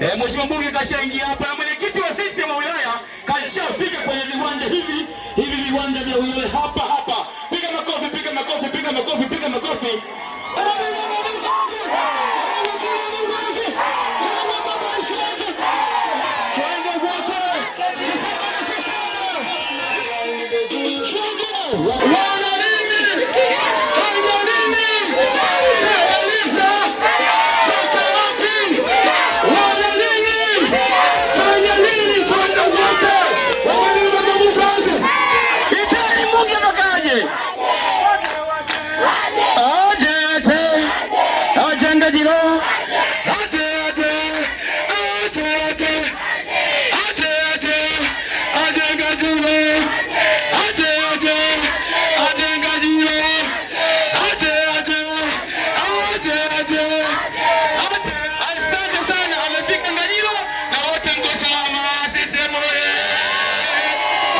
E, Mheshimiwa mbunge kashaingia hapa na mwenyekiti wa sisi wa wilaya kashafika kwenye viwanja hivi hivi viwanja vya wilaya hapa hapa. Piga makofi, piga makofi, piga makofi, piga makofi.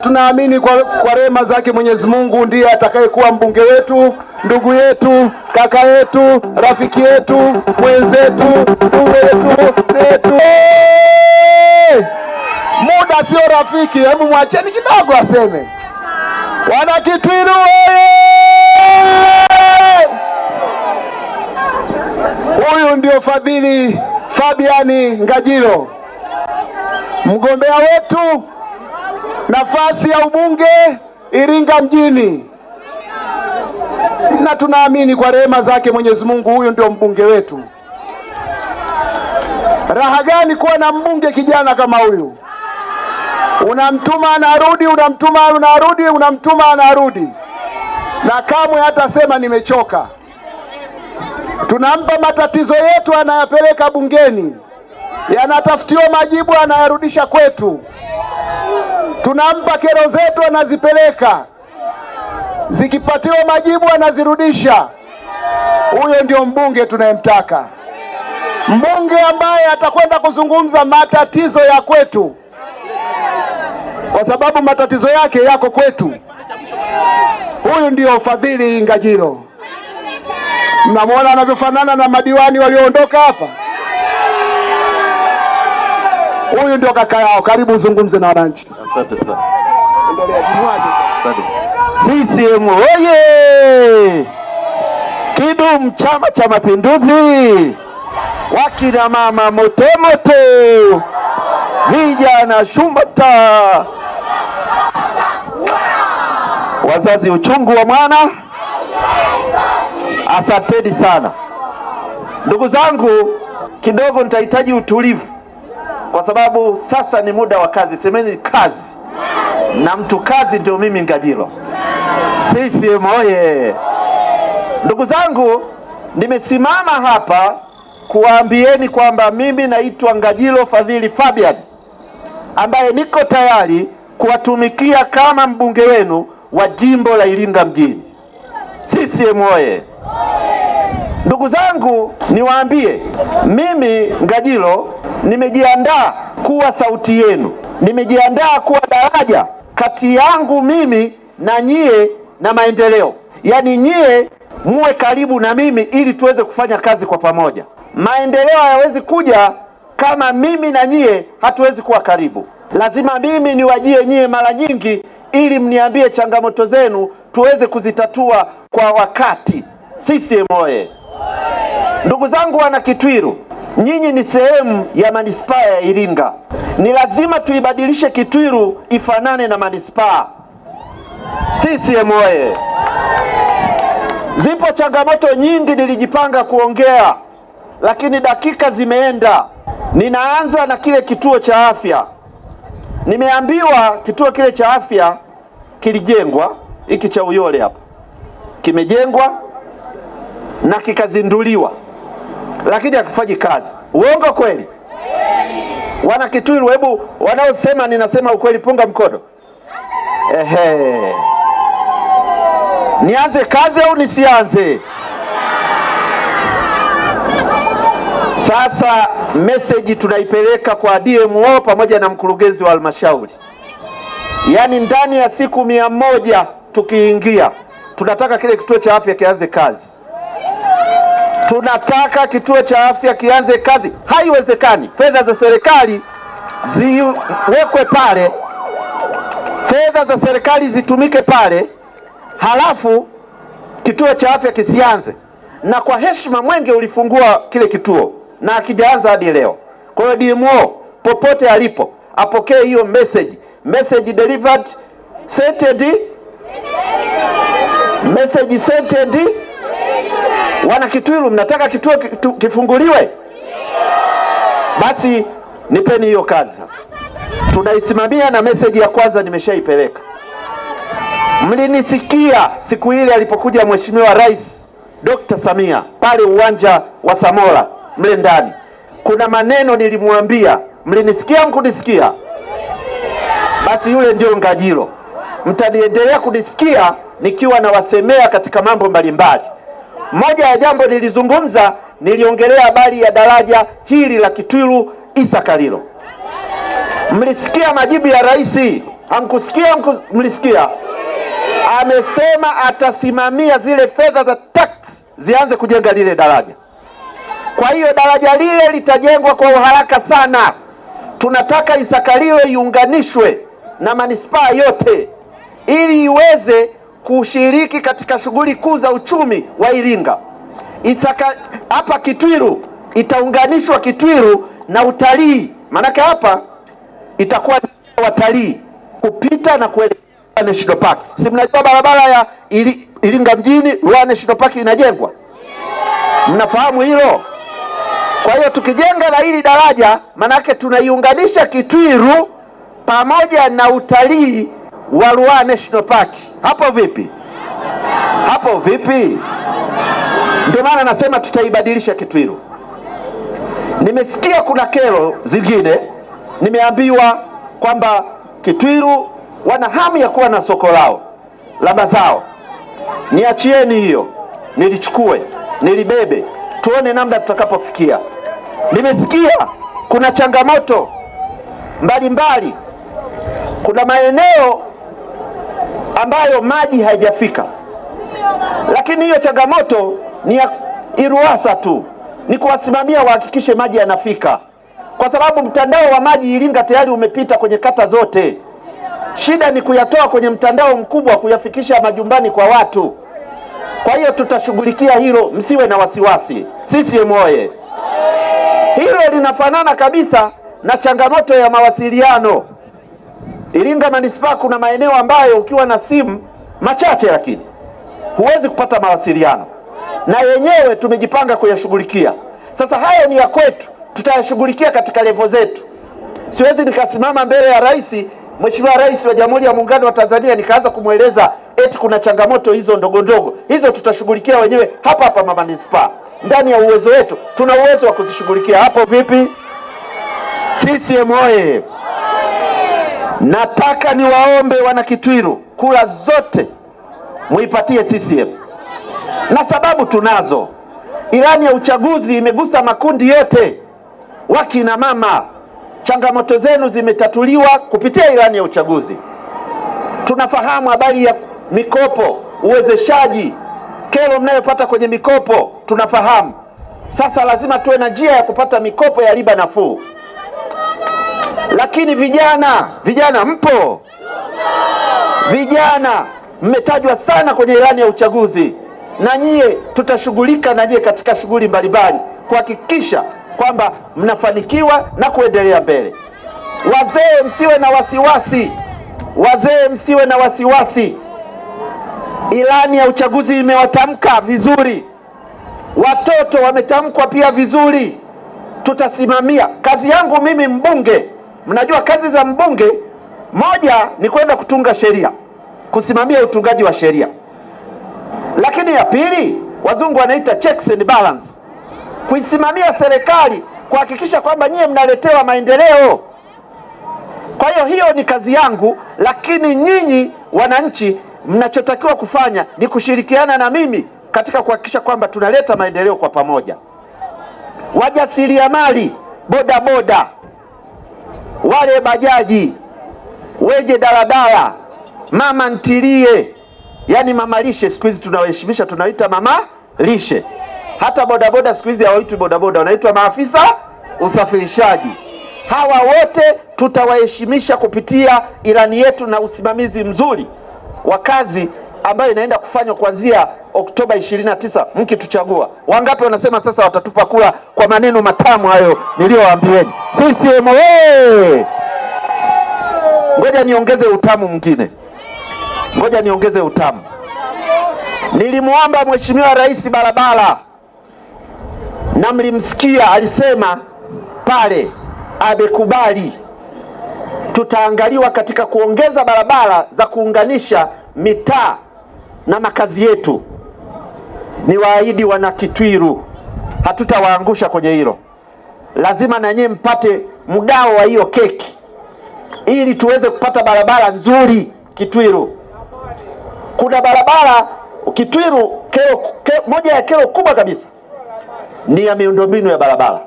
Tunaamini kwa, kwa rehema zake Mwenyezi Mungu ndiye atakayekuwa mbunge wetu, ndugu yetu, kaka yetu, rafiki yetu, mwenzetu, ndugu yetu yetu. Muda sio rafiki, hebu mwacheni kidogo aseme. Wana Kitwiru oye! Huyu ndio Fadhili Fabiani Ngajilo mgombea wetu nafasi ya ubunge Iringa mjini, na tunaamini kwa rehema zake Mwenyezi Mungu huyu ndio mbunge wetu. Raha gani kuwa na mbunge kijana kama huyu? Unamtuma anarudi, unamtuma anarudi, unamtuma anarudi, na kamwe hata sema nimechoka. Tunampa matatizo yetu, anayapeleka bungeni, yanatafutiwa majibu, anayarudisha kwetu tunampa kero zetu, anazipeleka zikipatiwa majibu anazirudisha. Huyo ndio mbunge tunayemtaka, mbunge ambaye atakwenda kuzungumza matatizo ya kwetu, kwa sababu matatizo yake yako kwetu. Huyu ndio Fadhili Ngajilo. Mnamwona anavyofanana na madiwani walioondoka hapa. Huyu ndio kaka yao, karibu uzungumze na wananchi. Asante sana. CCM oye! Kidum Chama cha Mapinduzi! Wakina mama motomoto, vijana shumbata, wazazi uchungu wa mwana. Asanteni sana ndugu zangu, kidogo nitahitaji utulivu kwa sababu sasa ni muda wa kazi. Semeni kazi, na mtu kazi ndio mimi Ngajilo. CCM oye! Ndugu zangu, nimesimama hapa kuwaambieni kwamba mimi naitwa Ngajilo Fadhili Fabian ambaye niko tayari kuwatumikia kama mbunge wenu wa jimbo la Iringa mjini. CCM oye! Ndugu zangu, niwaambie, mimi Ngajilo nimejiandaa kuwa sauti yenu, nimejiandaa kuwa daraja kati yangu mimi na nyie na maendeleo, yaani nyie muwe karibu na mimi ili tuweze kufanya kazi kwa pamoja. Maendeleo hayawezi kuja kama mimi na nyie hatuwezi kuwa karibu. Lazima mimi niwajie nyie mara nyingi, ili mniambie changamoto zenu tuweze kuzitatua kwa wakati. CCM oye! Ndugu zangu wana Kitwiru, nyinyi ni sehemu ya manispaa ya Iringa. Ni lazima tuibadilishe Kitwiru ifanane na manispaa. CCM oye! Zipo changamoto nyingi nilijipanga kuongea, lakini dakika zimeenda. Ninaanza na kile kituo cha afya. Nimeambiwa kituo kile cha afya kilijengwa, hiki cha Uyole hapa kimejengwa na kikazinduliwa, lakini hakifanyi kazi. Uongo kweli? Wana Kitui, hebu wanaosema ninasema ukweli, punga mkono. Ehe, nianze kazi au nisianze? Sasa meseji tunaipeleka kwa DMO pamoja na mkurugenzi wa halmashauri, yaani ndani ya siku mia moja tukiingia, tunataka kile kituo cha afya kianze kazi tunataka kituo cha afya kianze kazi. Haiwezekani fedha za serikali ziwekwe pale, fedha za serikali zitumike pale, halafu kituo cha afya kisianze. Na kwa heshima, Mwenge ulifungua kile kituo na akijaanza hadi leo. Kwa hiyo DMO popote alipo apokee hiyo message, message delivered, sent message sent Wana kitwilu mnataka kituo kifunguliwe? Basi nipeni hiyo kazi sasa, tunaisimamia. Na meseji ya kwanza nimeshaipeleka. Mlinisikia siku ile alipokuja Mheshimiwa Rais Dr. Samia pale uwanja wa Samora mle ndani, kuna maneno nilimwambia. Mlinisikia mkunisikia? Basi yule ndio Ngajilo, mtaniendelea kunisikia nikiwa nawasemea katika mambo mbalimbali. Moja ya jambo nilizungumza, niliongelea habari ya daraja hili la Kitwiru Isakalilo. Mlisikia majibu ya rais? Hamkusikia? Mlisikia? Amesema atasimamia zile fedha za tax zianze kujenga lile daraja. Kwa hiyo daraja lile litajengwa kwa uharaka sana. Tunataka Isakalilo iunganishwe na manispaa yote ili iweze kushiriki katika shughuli kuu za uchumi wa Iringa. Isaka hapa Kitwiru itaunganishwa Kitwiru na utalii, maanake hapa itakuwa watalii kupita na kuelekea National Park. Si mnajua barabara ya ili, Iringa mjini Ruaha National Park inajengwa, mnafahamu hilo? Kwa hiyo tukijenga na hili daraja, maanake tunaiunganisha Kitwiru pamoja na utalii wa Ruaha National Park. Hapo vipi? Hapo vipi? Ndio maana nasema tutaibadilisha kitu hilo. Nimesikia kuna kero zingine, nimeambiwa kwamba Kitwiru wana hamu ya kuwa na soko lao la mazao. Niachieni hiyo, nilichukue nilibebe, tuone namna tutakapofikia. Nimesikia kuna changamoto mbalimbali mbali. Kuna maeneo ambayo maji haijafika. Lakini hiyo changamoto ni ya Iruwasa tu, ni kuwasimamia wahakikishe maji yanafika, kwa sababu mtandao wa maji Iringa tayari umepita kwenye kata zote. Shida ni kuyatoa kwenye mtandao mkubwa kuyafikisha majumbani kwa watu. Kwa hiyo tutashughulikia hilo, msiwe na wasiwasi. CCM oye! Hilo linafanana kabisa na changamoto ya mawasiliano. Iringa manispaa kuna maeneo ambayo ukiwa na simu machache, lakini huwezi kupata mawasiliano, na yenyewe tumejipanga kuyashughulikia. Sasa hayo ni ya kwetu, tutayashughulikia katika levo zetu. Siwezi nikasimama mbele ya rais, Mheshimiwa Rais wa Jamhuri ya Muungano wa Tanzania, nikaanza kumweleza eti kuna changamoto hizo ndogo ndogo. Hizo tutashughulikia wenyewe hapa hapa mamanispaa, ndani ya uwezo wetu, tuna uwezo wa kuzishughulikia. Hapo vipi? CCM Nataka niwaombe Wanakitwiru, kura zote muipatie CCM na sababu tunazo. Ilani ya uchaguzi imegusa makundi yote. Wakina mama, changamoto zenu zimetatuliwa kupitia ilani ya uchaguzi. Tunafahamu habari ya mikopo, uwezeshaji, kero mnayopata kwenye mikopo tunafahamu. Sasa lazima tuwe na njia ya kupata mikopo ya riba nafuu. Lakini vijana, vijana mpo, vijana mmetajwa sana kwenye ilani ya uchaguzi, na nyie tutashughulika na nyie katika shughuli mbalimbali kuhakikisha kwamba mnafanikiwa na kuendelea mbele. Wazee msiwe na wasiwasi, wazee msiwe na wasiwasi. Ilani ya uchaguzi imewatamka vizuri, watoto wametamkwa pia vizuri. Tutasimamia. Kazi yangu mimi mbunge Mnajua kazi za mbunge moja ni kwenda kutunga sheria, kusimamia utungaji wa sheria, lakini ya pili wazungu wanaita checks and balance, kuisimamia serikali, kuhakikisha kwamba nyie mnaletewa maendeleo. Kwa hiyo hiyo ni kazi yangu, lakini nyinyi wananchi mnachotakiwa kufanya ni kushirikiana na mimi katika kuhakikisha kwamba tunaleta maendeleo kwa pamoja. Wajasiriamali, bodaboda wale bajaji, wenye daladala, mama ntilie, yani mama lishe. Siku hizi tunawaheshimisha, tunaita mama lishe. Hata bodaboda siku hizi hawaitwi bodaboda, wanaitwa maafisa usafirishaji. Hawa wote tutawaheshimisha kupitia ilani yetu na usimamizi mzuri wa kazi ambayo inaenda kufanywa kuanzia Oktoba 29 mkituchagua. Wangapi wanasema sasa watatupa kura kwa maneno matamu hayo niliyowaambieni? CCM oyee! Ngoja niongeze utamu mwingine, ngoja niongeze utamu. Nilimwomba Mheshimiwa Rais barabara na mlimsikia, alisema pale amekubali, tutaangaliwa katika kuongeza barabara za kuunganisha mitaa na makazi yetu. Ni waahidi wana Kitwiru, hatutawaangusha kwenye hilo. Lazima na nyie mpate mgao wa hiyo keki ili tuweze kupata barabara nzuri Kitwiru. Kuna barabara Kitwiru kero, kero, moja ya kero kubwa kabisa ni ya miundombinu ya barabara,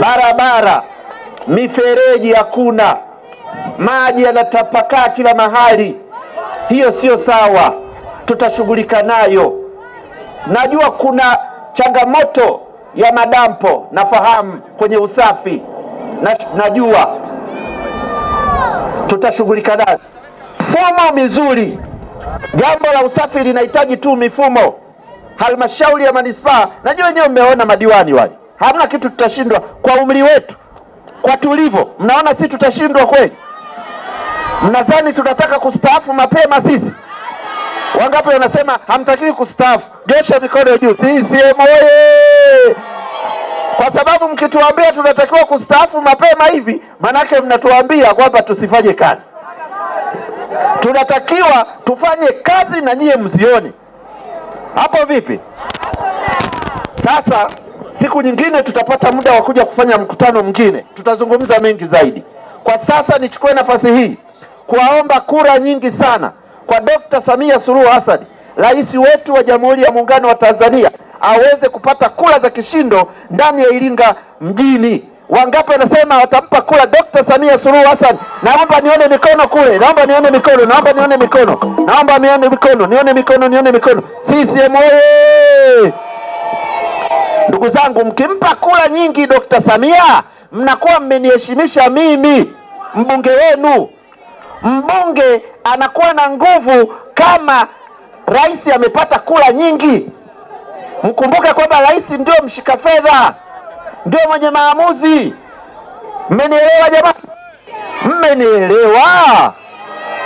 barabara, mifereji hakuna, maji yanatapakaa kila mahali hiyo sio sawa, tutashughulika nayo. Najua kuna changamoto ya madampo, nafahamu kwenye usafi na, najua tutashughulika nayo. Mifumo mizuri, jambo la usafi linahitaji tu mifumo. Halmashauri ya manispaa, najua wenyewe mmeona madiwani wale, hamna kitu tutashindwa kwa umri wetu, kwa tulivyo. Mnaona si tutashindwa kweli? Mnadhani tunataka kustaafu mapema sisi? Wangapi wanasema hamtakiwi kustaafu? Gesha mikono juu. CCM oye! Kwa sababu mkituambia tunatakiwa kustaafu mapema hivi, manake mnatuambia kwamba tusifanye kazi. Tunatakiwa tufanye kazi na nyiye mzioni Hapo vipi? Sasa siku nyingine tutapata muda wa kuja kufanya mkutano mwingine, tutazungumza mengi zaidi. Kwa sasa nichukue nafasi hii kuwaomba kura nyingi sana kwa Dkt. Samia Suluhu Hassan, rais wetu wa Jamhuri ya Muungano wa Tanzania, aweze kupata kura za kishindo ndani ya Iringa mjini. Wangapi wanasema watampa kura Dkt. Samia Suluhu Hassan? Naomba nione mikono kule, naomba nione mikono, naomba nione mikono, naomba nione mikono, nione mikono, nione mikono. CCM oye! Ndugu zangu, mkimpa kura nyingi Dkt. Samia mnakuwa mmeniheshimisha mimi mbunge wenu mbunge anakuwa na nguvu kama rais amepata kula nyingi. Mkumbuke kwamba rais ndio mshika fedha, ndio mwenye maamuzi. Mmenielewa jamani? Mmenielewa?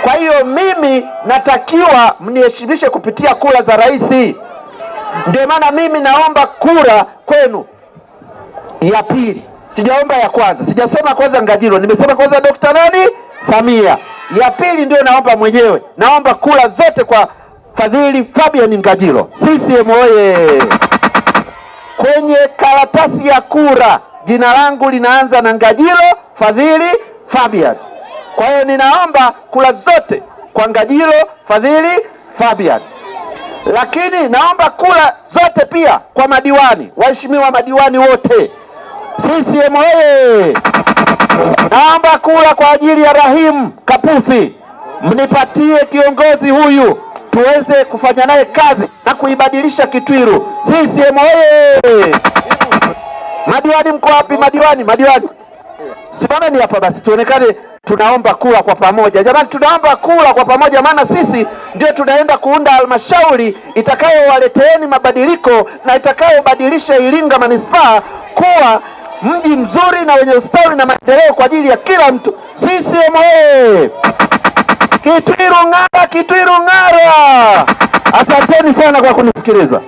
Kwa hiyo mimi natakiwa mniheshimishe kupitia kura za rais. Ndio maana mimi naomba kura kwenu ya pili, sijaomba ya kwanza. Sijasema kwanza Ngajilo, nimesema kwanza Dokta nani Samia. Ya pili ndio naomba mwenyewe, naomba kula zote kwa Fadhili Fabian Ngajilo. CCM oye! Kwenye karatasi ya kura jina langu linaanza na Ngajilo Fadhili Fabian. Kwa hiyo ninaomba kula zote kwa Ngajilo Fadhili Fabian, lakini naomba kula zote pia kwa madiwani, waheshimiwa madiwani wote. CCM oye! Naomba kura kwa ajili ya Rahim Kapufi, mnipatie kiongozi huyu tuweze kufanya naye kazi na kuibadilisha Kitwiru. CCM oyee! Madiwani mko wapi? Madiwani, madiwani simameni hapa basi, tuonekane. Tunaomba kura kwa pamoja jamani, tunaomba kura kwa pamoja, maana sisi ndio tunaenda kuunda halmashauri itakayowaleteeni mabadiliko na itakayobadilisha Iringa manispaa kuwa mji mzuri na wenye ustawi na maendeleo kwa ajili ya kila mtu. CCM oyee! Kitwiru ng'ara! Kitwiru ng'ara! Asanteni sana kwa kunisikiliza.